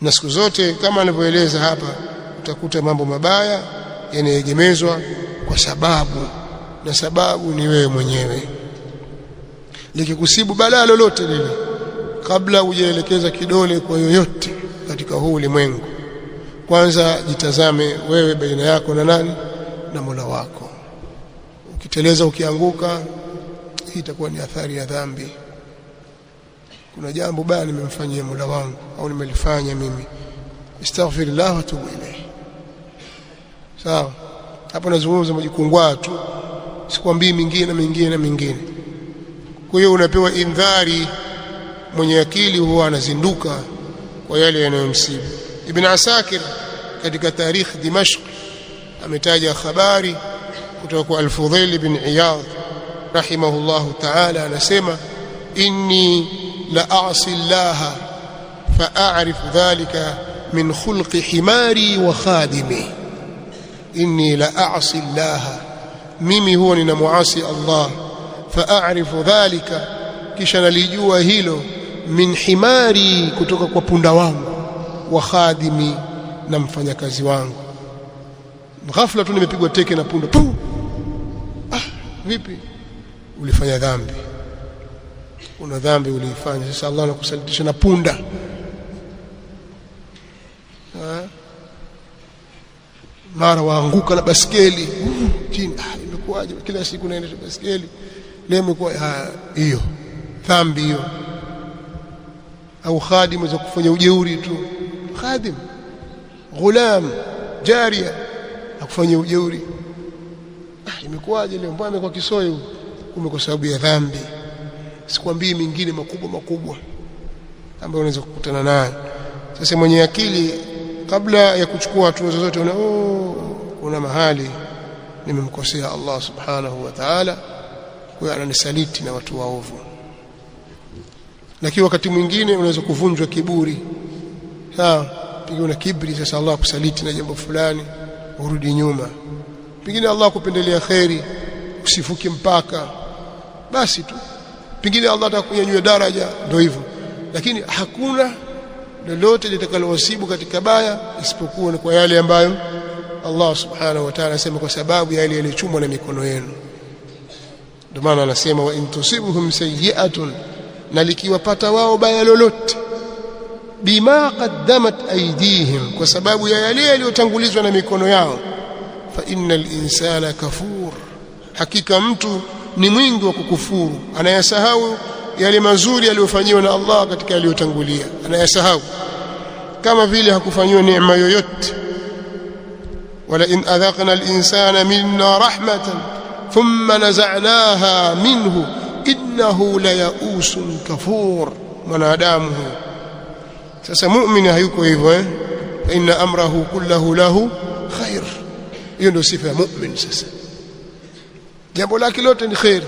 na siku zote kama anavyoeleza hapa, utakuta mambo mabaya yanayegemezwa kwa sababu, na sababu ni wewe mwenyewe. Likikusibu balaa lolote lile, kabla hujaelekeza kidole kwa yoyote katika huu ulimwengu, kwanza jitazame wewe baina yako na nani na Mola wako. Ukiteleza, ukianguka, hii itakuwa ni athari ya dhambi kuna jambo baya nimemfanyia Mola wangu au nimelifanya mimi, astaghfirullah wa tubu ilayhi. Sawa, hapo nazungumza majikungwa tu, sikwambii mingine na mingine na mingine. Kwa hiyo unapewa indhari, mwenye akili huwa anazinduka kwa yale yanayomsibu. Ibn Asakir katika Tarikh Dimashq ametaja habari kutoka kwa alfudhail fudhail bin Iyadh rahimahullahu ta'ala, anasema inni لأعصي الله فأعرف ذلك من خلق حماري وخادمي إني لأعصي الله mimi huwa ninamuasi Allah faarifu dhalika kisha nalijua hilo min himari kutoka kwa punda wangu wa khadimi na mfanyakazi wangu ghafla tu nimepigwa teke na punda Puh! ah vipi ulifanya dhambi una dhambi uliifanya, sasa Allah anakusalitisha na punda ha? mara waanguka na baskeli chini. Ah, imekuwaje? Kila siku naendesha baskeli, leo imekuwa hiyo dhambi hiyo. Au khadimu za kufanya ujeuri tu, khadim ghulam jaria akufanyia ujeuri, ah, imekuwaje leo? Mbona amekuwa kisoyo? Kumbe kwa sababu ya dhambi sikwambii mingine makubwa makubwa ambayo unaweza kukutana nayo. Sasa mwenye akili kabla ya kuchukua hatua zozote, una oh, kuna mahali nimemkosea Allah subhanahu wa ta'ala, kwa ananisaliti na watu waovu. Lakini wakati mwingine unaweza kuvunjwa kiburi, sawa, pengine una kibri. Sasa Allah akusaliti na jambo fulani, urudi nyuma, pengine Allah akupendelea kheri, usifuki mpaka basi tu pengine Allah atakunyanyua daraja, ndio hivyo. Lakini hakuna lolote litakalowasibu katika baya isipokuwa ni kwa yale ambayo Allah subhanahu wa ta'ala anasema kwa sababu ya yale yaliyochumwa na mikono yenu. Ndio maana anasema wa intusibuhum sayyi'atun, na likiwapata wao baya lolote bima qaddamat aydihim, kwa sababu ya yale yaliyotangulizwa na mikono yao. Fa innal insana kafur, hakika mtu ni mwingi wa kukufuru, anayasahau yale mazuri aliyofanyiwa na Allah katika yaliyotangulia, anayasahau kama vile hakufanyiwa neema yoyote. Wala in adhaqna al-insana minna rahmatan thumma nazanaha minhu innahu la yausun kafur, mwanadamu huyo. Sasa mumini hayuko hivyo eh? Fa inna amrahu kullahu lahu khair. Hiyo ndio sifa ya mumin sasa jambo lake lote ni kheri